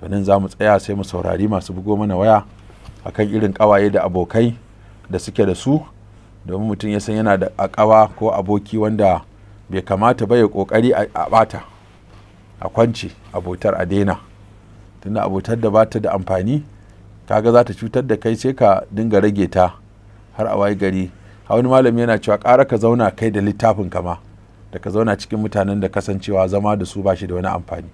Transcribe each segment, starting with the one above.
to nan za mu tsaya sai mu saurari masu bugo mana waya akan irin kawaye da abokai da suke da su domin mutum ya san yana da akawa ko aboki wanda bai kamata ba ya kokari a bata a kwance abotar a daina tunda abotar da bata da amfani kaga za ta cutar da kai sai ka dinga rage ta har a waye gari a wani malami yana cewa kara ka zauna kai da littafin kama da ka zauna cikin mutanen da kasancewa zama da su bashi da wani amfani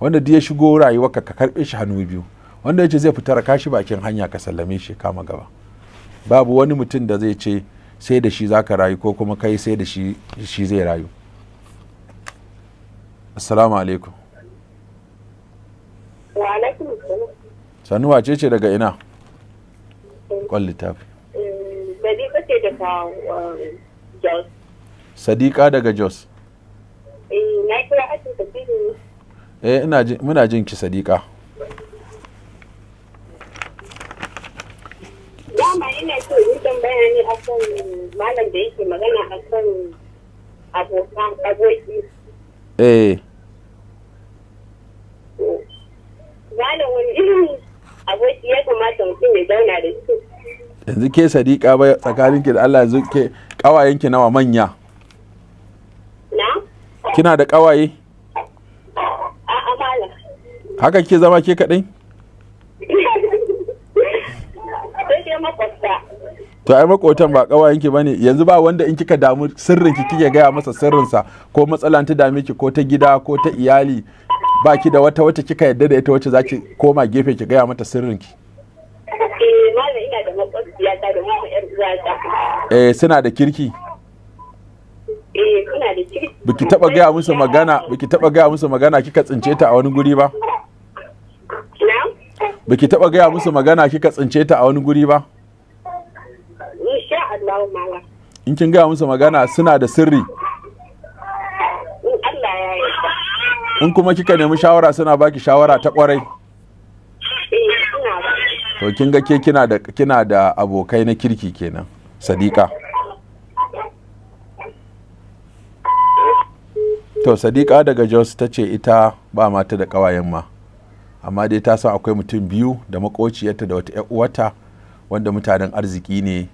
wanda duk ya shigo rayuwarka ka karbe shi hannu biyu wanda ya ce zai fitar raka shi bakin hanya ka sallame shi kama gaba babu wani mutum da zai ce sai da shi za ka rayu ko kuma kai sai da shi shi zai rayu assalamu alaikum sanuwa ce ce daga ina kwan littafi eh, sadiqa ce daga um, jos sadiqa daga jos eh, na kira asirin eh muna jin ki sadiqa dama ina so yi tambaya ne akan malam da yake magana akan abokan aboki eh malam wani irin aboki ya kamata mutum ya zauna da shi yanzu ke sadiqa ba tsakaninki da Allah yanzu ke kawayenki nawa manya na kina da kawaye haka ke zama ke kaɗai? to ai makotan ba kawai ki bane yanzu ba wanda in kika damu sirrin ki kike gaya masa sirrinsa ko matsalan ta dame ki ko ta gida ko ta iyali ba ki da wata wacce kika yadda da ita wacce zaki koma gefe ki gaya mata sirrin ki eh suna da kirki eh suna da kirki biki taba gaya musu magana biki taba gaya musu magana kika tsince ta a wani guri ba baki taba gaya musu magana kika tsince ta a wani guri ba in kin gaya musu magana suna da sirri in kuma kika nemi shawara suna baki shawara ta kwarai eh, to kin ga ke kina da kina da abokai na kirki kenan sadiqa to Sadika daga jos ta ce ita ba mata da kawayen ma amma dai ta san akwai mutum biyu da makociyarta da wata 'yar uwata wanda mutanen arziki ne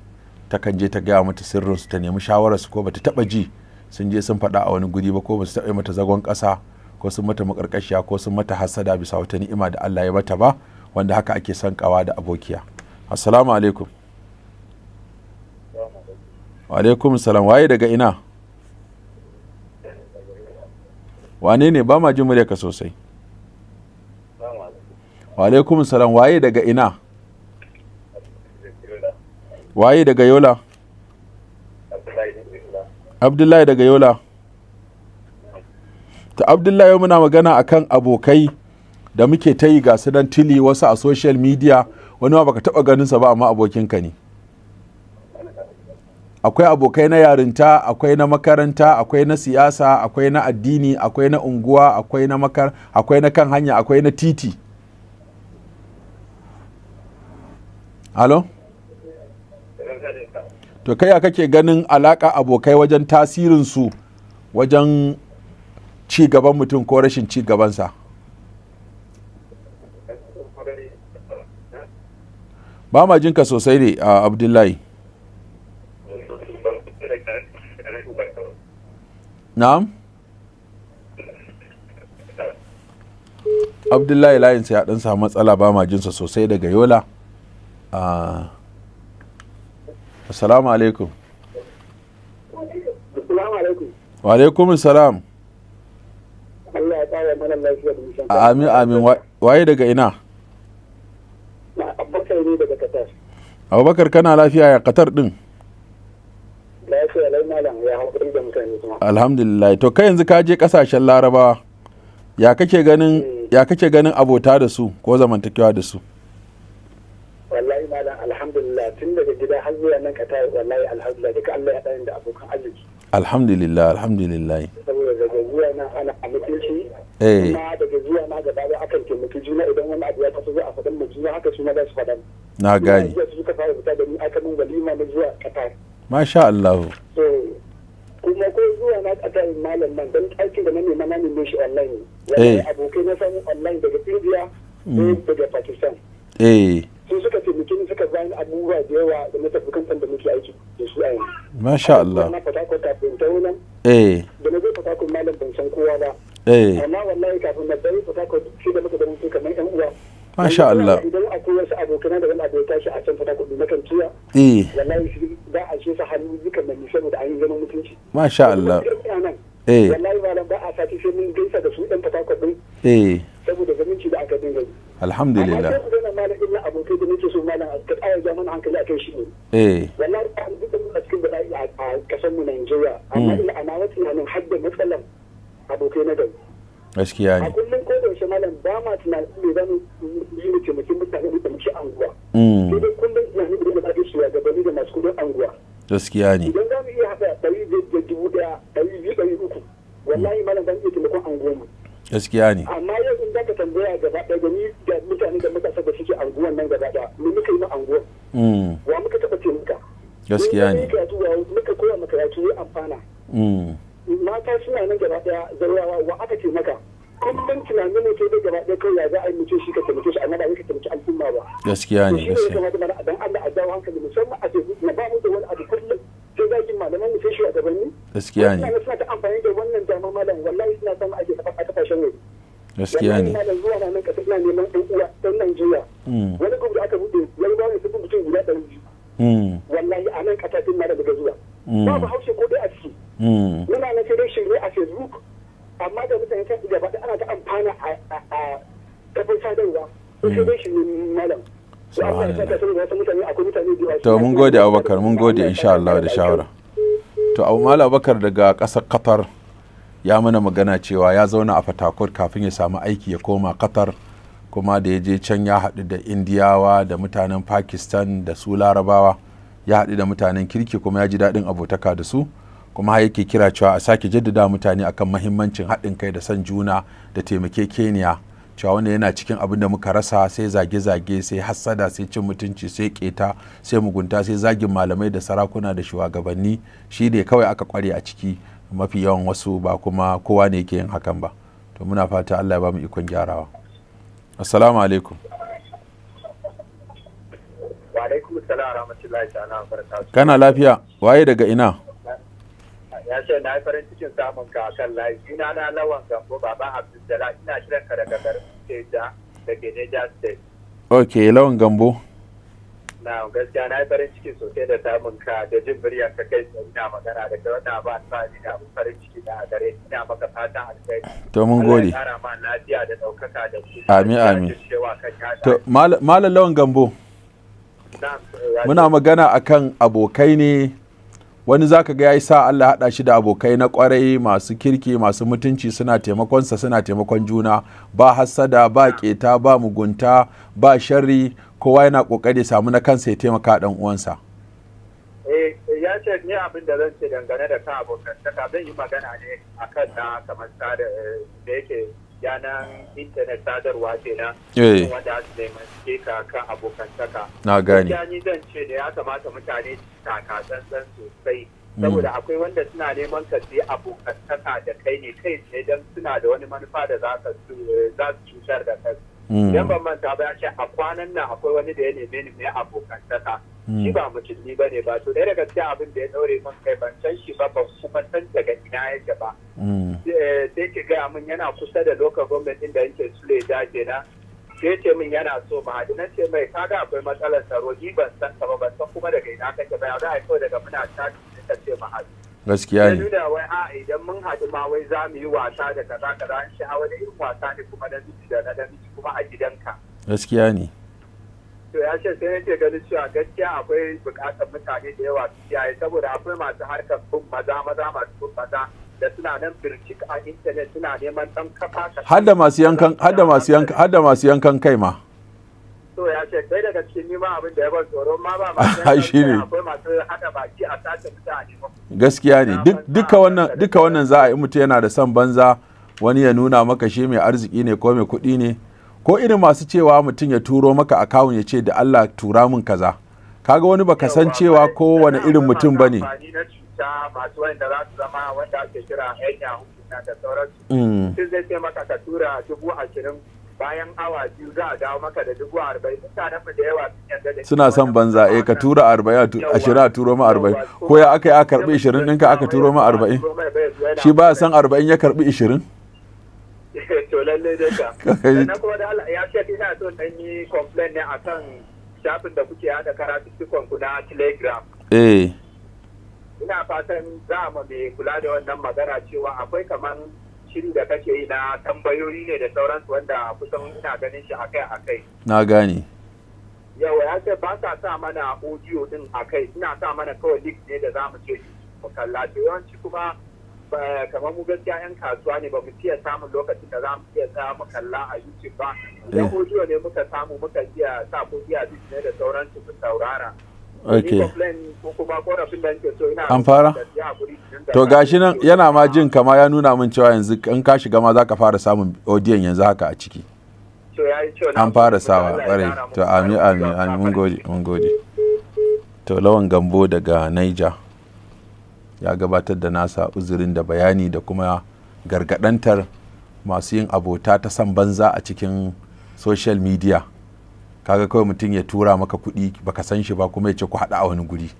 ta kan je ta gaya mata sirrin su ta nemi shawararsu ko bata taba ji sun je sun faɗa a wani guri ba ko basu taɓa mata zagon ƙasa ko sun mata makarkashiya ko sun mata hasada bisa wata ni'ima da Allah ya mata ba wanda haka ake son kawa da abokiya assalamu alaikum wa alaikum salam waye daga ina wane ne ba ma jin muryarka sosai wa alaikum salam waye daga ina waye daga yola abdullahi daga yola ta abdullahi muna magana akan abokai da muke ta yi ga don tili wasu a social media wani ma baka taba ganinsa ba amma abokinka ne akwai abokai na yarinta akwai na makaranta akwai na siyasa akwai na addini akwai na unguwa akwai na kan hanya akwai na titi alo to kai kake ganin alaka abokai wajen tasirinsu wajen ci gaban mutum ko rashin ci gabansa ba ma jinka sosai ne a abdullahi na'am abdullahi layinsa ya ɗan samu matsala ba ma jinsa sosai daga yola Ah. assalamu alaikum wa alaikum salam Allah ya tsara mana lafiya da amin amin waye daga ina abubakar ne daga qatar abubakar kana lafiya ya qatar din lafiya lai malam ya hankali da mutane kuma alhamdulillah to kai yanzu ka je kasashen larabawa ya kake ganin eh. ya kake ganin abota da su ko zamantakewa da su alhamdulillah tun daga gida har zuwa nan ka tayi wallahi alhamdulillah duka Allah ya dani da abokan arziki alhamdulillah alhamdulillah saboda daga zuwa nan ana aminci eh kuma daga zuwa na gaba da akan taimaki juna idan wani abu ya taso zuwa a faɗan mu juna haka su ma za su faɗan na gani ya su ka fara fita da ni aka min walima na zuwa Qatar masha Allah so kuma ko zuwa na Qatar malam nan dan aikin da na nema na neme shi online eh abokai na san online daga India mm. daga Pakistan eh mutum suka bayan abubuwa da yawa da na tafi kamfan da muke aiki da su a yanzu. Masha Allah. Na ko kafin ta wunan. Eh. Da na zai fata ko malam ban san kowa ba. Eh. Amma wallahi kafin na fata ko shi da muka su kamar yan uwa. Masha Allah. Idan akwai wasu abokan da wani abokan shi a can fata ko na kan tuya. Eh. Wallahi shi ba a ce sa hannu duka na nisa da an yi zama mutunci. Masha Allah. Eh. Wallahi malam ba a sati sai mun gaisa da su ɗan ko ɗin. Eh. Saboda zumunci da aka dinga yi. Alhamdulillah. ta tsaya mana hankali a kai shi ne. Eh. Wallahi ta hanzu da muna cikin bala'i a kasar mu Najeriya. Amma hmm. ina ana wasu tunanin har matsalan abokai na gari. Gaskiya ne. A kullum ko da yaushe malam ba ma tunanin me zan yi mu taimaki mutane mu taimaki anguwa. Hmm. Sai dai kullum tunanin da muna da shugabanni da masu kudin anguwa. Gaskiya ne. Idan za mu iya haka, ɗari da dubu ɗaya ɗari biyu ɗari uku. Wallahi malam zan iya taimakon anguwa mu. Gaskiya ne. gaskiya ne muka koya maka ya yi mm. suna nan gaba daya wa aka maka da gaba daya ya za a yi mutum shi ba ka taimake al'umma ba gaskiya ne a a na abu kullum sai malaman mu sai ta amfani da wannan malam wallahi suna a kafashen gaskiya ne malam zuwa neman ɗan uwa ɗan Najeriya mm. social media ba ana ta amfana a kafin sadarwa social media shi malam to mun gode abubakar mun gode insha Allah da shawara to abu mala abubakar daga ƙasar qatar ya mana magana cewa ya zauna a Fatakot kafin ya samu aiki ya koma qatar kuma da ya je can ya haɗu da indiyawa da mutanen pakistan da su larabawa ya haɗu da mutanen kirki kuma ya ji daɗin abotaka da su kuma yake kira cewa a sake jaddada mutane akan mahimmancin haɗin kai da san juna da taimakekeniya cewa wanda yana cikin abin da muka rasa sai zage-zage sai hassada sai cin mutunci sai keta sai mugunta sai zagin malamai da sarakuna da shugabanni shi ne kawai aka kware a ciki mafi yawan wasu ba kuma kowa ne yake yin hakan ba to muna fata allah ya ba mu ikon gyarawa assalamu alaikum kana lafiya waye daga ina ya ce na yi farin cikin samun ka kan layi ina na lawan gambo baba abdulsala ina shirin ka daga garin da ke Neja state ok lawan gambo na gaskiya na yi farin ciki sosai da samun ka da jin birya ka kai tsaye ina magana da kai wannan ba ta ni da farin ciki da gare ina maka fatan alkhairi to mun gode Allah ma lafiya da ɗaukaka da shi amin amin to malam lawan gambo muna magana akan abokai ne wani za ka ga ya yi sa Allah haɗa shi da abokai na ƙwarai masu kirki masu mutunci suna taimakonsa suna taimakon juna ba hassada ba ƙeta ba mugunta ba sharri kowa yana ƙoƙari samu na kansa ya taimaka ɗan uwansa. Eh, ya ce ne abin da zan ce dangane da kan abokantaka zan yi magana ne akan na kamar eh, da yake yanan intanet sadarwa ce na eh. wanda su neman ke ka kan abokantaka. Na gani. Ya ni zan ce da ya kamata mutane taka tsantsan sosai. Saboda hmm. akwai wanda suna neman ka je abokantaka da kai ne kai ne don suna da wani manufa da za su cutar da kai. Yan mm. ban manta ba ya ce a kwanan nan akwai wani da ya neme ni mai abokantaka. Mm. Shi ba musulmi ba ne ba to ɗaya daga cikin abin da ya ɗaure mun kai ban san shi ba ban kuma san daga ina yake ba. Mm. Eh, sai ki gaya min yana kusa da lokacin ɗin da yake sule da na sai ce min yana so ma na ce mai kaga akwai matsalar tsaro ni ban san ba ban san kuma daga ina kake ba ya za a kawai daga muna tashi ta ce ma gaskiya ne nuna wai a idan mun haɗu ma wai za mu yi wasa da kaza kaza in sha'awa wani irin wasa ne kuma da miji da na miji kuma a gidanka gaskiya ne to ya ce sai yake ganin cewa gaskiya akwai buƙatar mutane da yawa su kiyaye saboda akwai masu harkar bin maza maza masu bin maza da suna nan birci a intanet suna neman ɗan kafa hadda masu yankan kai ma to ya ce kai daga cikin nima abin da ya ban tsoro ma ba ma shi ne akwai masu hada baki a sace mutane gaskiya ne duka wannan duka wannan za a yi mutu yana da son banza wani ya nuna maka shi mai arziki ne ko mai kuɗi ne ko irin masu cewa mutum ya turo maka akawun ya ce da Allah tura min kaza kaga wani baka san cewa ko wani irin mutum bane masu wanda za su zama wanda ake kira hanya hukuna da sauransu. Sun mm. zai sai maka ka tura dubu ashirin bayan awa biyu za a dawo maka da dubu arba'in mutanen mu da yawa sun yarda da suna son banza eh ka tura arba'in ashirin a turo ma arba'in ko ya aka yi aka karbi ishirin ɗinka aka turo ma arba'in shi ba san arba'in ya karbi ishirin to lalle dai ka sannan kuma da ya ce ina so dan yi complain ne akan shafin da kuke hada karatun ku na telegram eh ina fatan za mu mai kula da wannan magana cewa akwai kamar shiri da kake yi na tambayoyi ne da sauransu wanda kusan ina ganin shi akai akai na gane yawa ya ce ba sa sa mana audio din akai ina sa mana kawai link ne da za mu ce mu kalla yawanci kuma kamar mu gaskiya yan kasuwa ne ba mu fiye samun lokacin da za mu iya sa mu kalla a YouTube ba idan eh. audio ne muka samu muka iya sa ko iya ne da sauransu mu saurara ok an fara to gashi nan yana ma jin kama ya nuna min cewa yanzu in ka shiga ma za ka fara samun odiyan yanzu haka a ciki an fara sawa ƙwarai to ami ami ami mun gode mun gode to lawan gambo daga naija ya gabatar da nasa uzurin da bayani da kuma gargadantar masu yin abota ta san banza a cikin social media kaga kawai mutum ya tura maka kuɗi baka san shi ba kuma ya ce ku haɗa a wani guri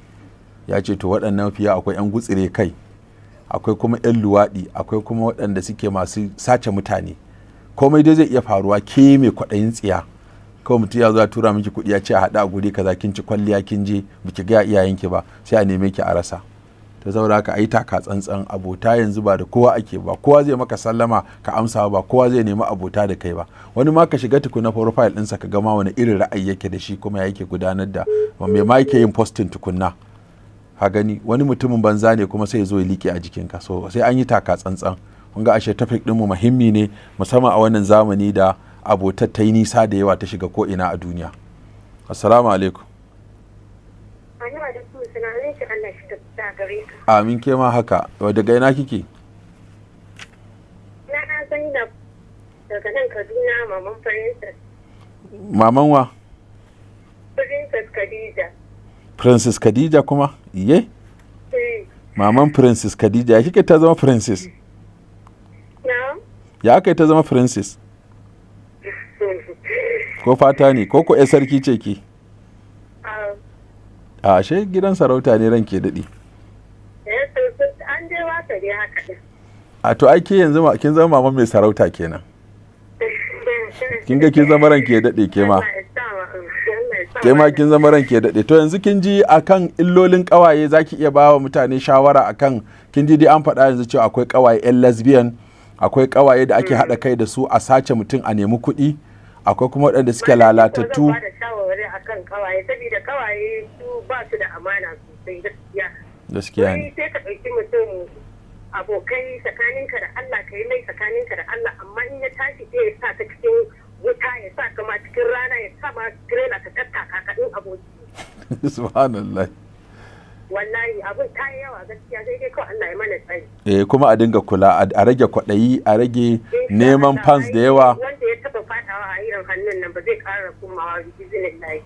ya ce to waɗannan fiya akwai 'yan gutsire kai akwai kuma 'yan luwaɗi akwai kuma waɗanda suke masu sace mutane komai dai zai iya faruwa ke mai kwaɗayin tsiya kawai mutum ya zo ya tura miki kuɗi ya ce a haɗa a guri kaza kin ci kwalliya kin je biki ga iyayenki ba sai a neme ki a rasa ta saboda haka ai taka tsantsan abota yanzu ba da kowa ake ba kowa zai maka sallama ka amsa ba kowa zai nemi abota da kai ba wani ma ka shiga tukuna profile ɗinsa ka gama wani irin ra'ayi yake da shi kuma ya yake gudanar da mai ma yake yin posting tukunna ka gani wani mutumin banza ne kuma sai zo ya liƙe a jikin ka so sai an yi taka tsantsan kun ga ashe topic ɗinmu muhimmi ne musamman a wannan zamani da abota ta yi nisa da yawa ta shiga ko ina a duniya assalamu alaikum da ka amin ke ma haka daga ina kike na na san da daga nan kaduna maman princess maman wa princess khadija princess khadija kuma iye eh. maman princess khadija ya kike ta zama princess Na? ya aka ta zama princess ko fata ne ko ko 'yar sarki ce ki a ah. shi gidan sarauta ne ranke daɗi a to aiki yanzu yanzu kin zama mama mai sarauta kenan kin ga kin zama ranke dade ke ma ke ma kin zama ranke dade to yanzu kin ji akan illolin kawaye zaki iya bawa mutane shawara akan kin ji dai an faɗa yanzu cewa akwai kawaye yan lesbian akwai kawaye da ake mm. haɗa kai da su a sace mutum a nemi kuɗi akwai kuma waɗanda suke lalatattu da gaskiya abokai tsakaninka da Allah ka yi mai tsakaninka da Allah amma in ya tashi ya sa ta cikin wuta ya sa kama cikin rana ya sa ma trailer ta tattaka ka din aboki subhanallah wallahi abin ta yi yawa gaskiya sai dai kawai Allah ya mana tsari eh kuma a dinga kula a rage kwaɗayi a rage neman fans da yawa wanda ya taba fatawa a irin hannun nan ba zai ƙara kumawa bizinin layi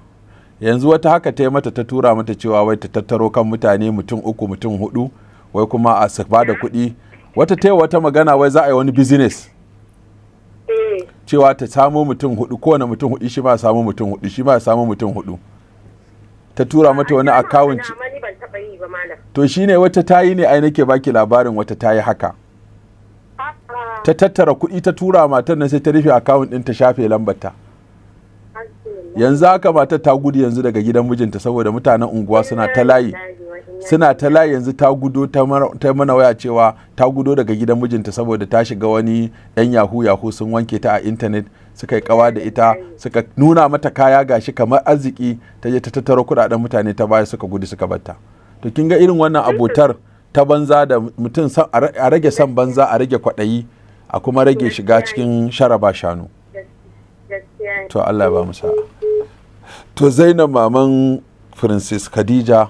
yanzu wata haka ta yi mata ta tura mata cewa wai ta tattaro kan mutane mutum uku mutum hudu wai kuma a ba da kuɗi wata taiwa wata magana wai za a yi wani business eh. cewa ta samu mutum hudu kowane mutum hudu shi ma samu mutum hudu shi ma samu mutum hudu ta tura mata wani account to shi ne wata tayi ne ai nake baki labarin wata tayi haka ah. ta tattara kuɗi ta tura matar nan sai ta rufe akawun ɗin ta shafe lambarta yanzu haka matar ta gudu yanzu daga gidan mijinta saboda mutanen unguwa suna ta layi suna ta la yanzu ta gudo ta mana waya cewa ta gudo daga gidan mijinta saboda ta shiga wani yan yahu yahu sun wanke ta a intanet suka yi kawa da ita suka nuna mata kaya ga shi kamar arziki ta je ta tattaro kudaden mutane ta baya suka gudu suka batta to kin ga irin wannan abotar ta banza da mutum a rage san banza a rage kwaɗayi a kuma rage shiga cikin sharaba shanu to Allah ba mu sa'a to zainab maman francis khadija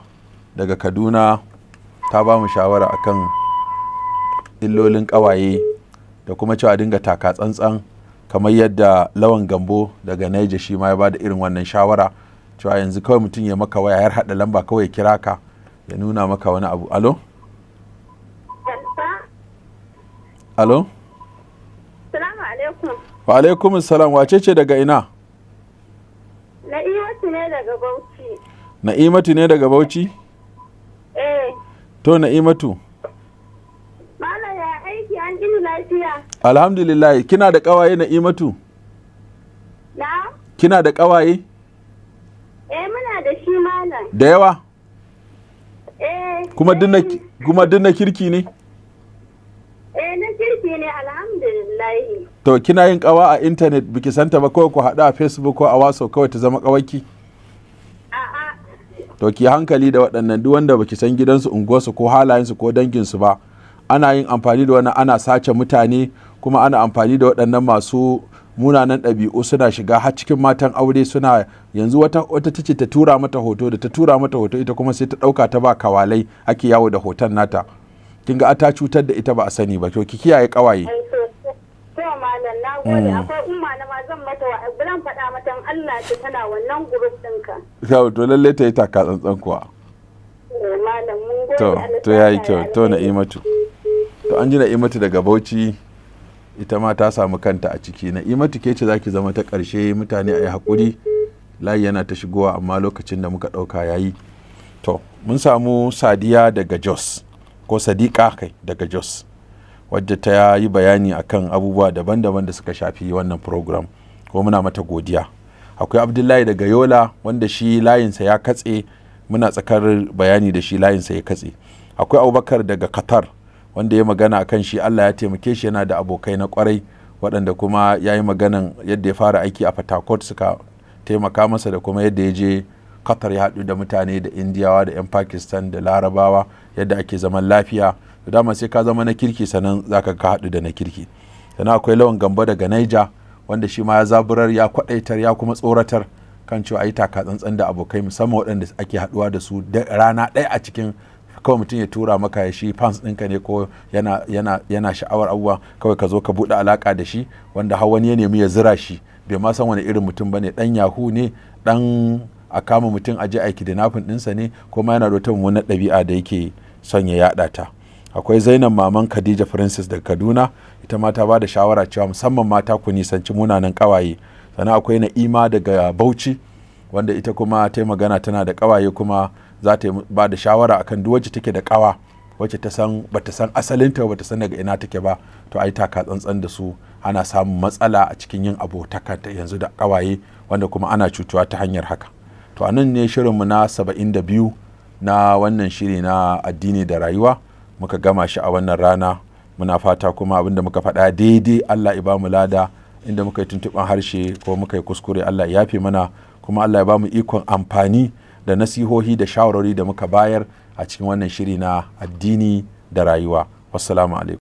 daga kaduna ta ba mu shawara akan illolin ƙawaye da kuma cewa dinga taka tsantsan kamar yadda lawan gambo daga naija shi ma ya ba da irin wannan shawara cewa yanzu kawai mutum ya maka waya har haɗa lamba kawai kira ka ya nuna maka wani abu alo alo salamu alaikum wa alaikum salam wace ce daga ina na'imatu ne daga bauchi na'imatu ne daga bauchi to na'imatu aiki an gini lafiya alhamdulillah kina da kawaye na'imatu na kina da kawaye eh muna da shi malam da yawa eh, eh. kuma duk na kirki ne eh na kirki ne alhamdulillah to kina yin kawa a intanet biki santa ba kawai ku haɗu a facebook ko a waso kawai ta zama kawaki to ki hankali da waɗannan duk wanda baki san gidansu unguwarsu ko halayensu ko danginsu ba ana yin amfani da wannan ana sace mutane kuma ana amfani da waɗannan masu munanan ɗabi'u suna shiga har cikin matan aure suna yanzu wata wata tace ta tura mata hoto da ta tura mata hoto ita kuma sai ta ɗauka ta ba kawalai ake yawo da hoton nata kin ga ta cutar da ita ba a sani ba to ki kiyaye kawaye Allah ta tana wannan ɗinka. Kyau to lallai ta yi taka tsantsan kuwa. Eh, to to ya yi kyau to na imatu. To an ji na imatu daga Bauchi ita ma ta samu kanta a ciki na imatu ke ce za ki zama ta ƙarshe mutane a yi haƙuri layi yana ta shigowa amma lokacin da muka ɗauka ya yi. To mun samu sadiya daga Jos ko sadiƙa kai daga Jos. wadda ta yi bayani akan abubuwa daban-daban da suka shafi wannan program ko muna mata godiya akwai abdullahi daga yola wanda shi layinsa ya katse muna tsakar bayani da shi layinsa ya katse akwai abubakar daga qatar wanda ya magana akan shi allah ya taimake shi yana da abokai na kwarai waɗanda kuma ya yi maganan yadda ya fara aiki a fatakot suka taimaka masa da kuma yadda ya je qatar ya haɗu da mutane da indiyawa da 'yan pakistan da larabawa yadda ake zaman lafiya da dama sai ka zama na kirki sannan zaka ka haɗu da na kirki sannan akwai lawan gambo daga naija wanda shi ma ya zaburar ya kwadaitar ya kuma tsoratar kan cewa yi taka tsantsan da abokai musamman waɗanda ake haɗuwa da su rana ɗaya a cikin kawai mutum ya tura maka ya shi fans ɗinka ne ko yana, sha'awar abubuwa kawai ka zo ka buɗe alaka da shi wanda har wani ya nemi ya zira shi bai ma san wani irin mutum ba ne ɗan yahu ne ɗan a kama mutum a je aiki da nafin ɗinsa ne ko yana da wata mummunar ɗabi'a da yake son ya yaɗa ta akwai zainab maman khadija francis daga kaduna ita ma ta ba da shawara cewa musamman mata ku nisanci munanan kawaye sannan akwai na'ima daga bauchi wanda ita kuma ta magana tana da kawaye kuma za ta ba da shawara akan duk wacce take da kawa wacce ta san bata san asalinta ta san daga ina take ba to ai ka tsantsan da su ana samun matsala a cikin yin abotaka ta yanzu da kawaye wanda kuma ana cutuwa ta hanyar haka to a nan ne mu na 72 na wannan shiri na addini da rayuwa muka gama shi a wannan rana muna fata kuma abin da muka faɗa daidai Allah ya bamu lada inda muka yi tuntuɓan harshe ko muka yi kuskure Allah ya yafe mana kuma Allah ya bamu ikon amfani da nasihohi da shawarwari da muka bayar a cikin wannan shiri na addini da rayuwa wassalamu alaikum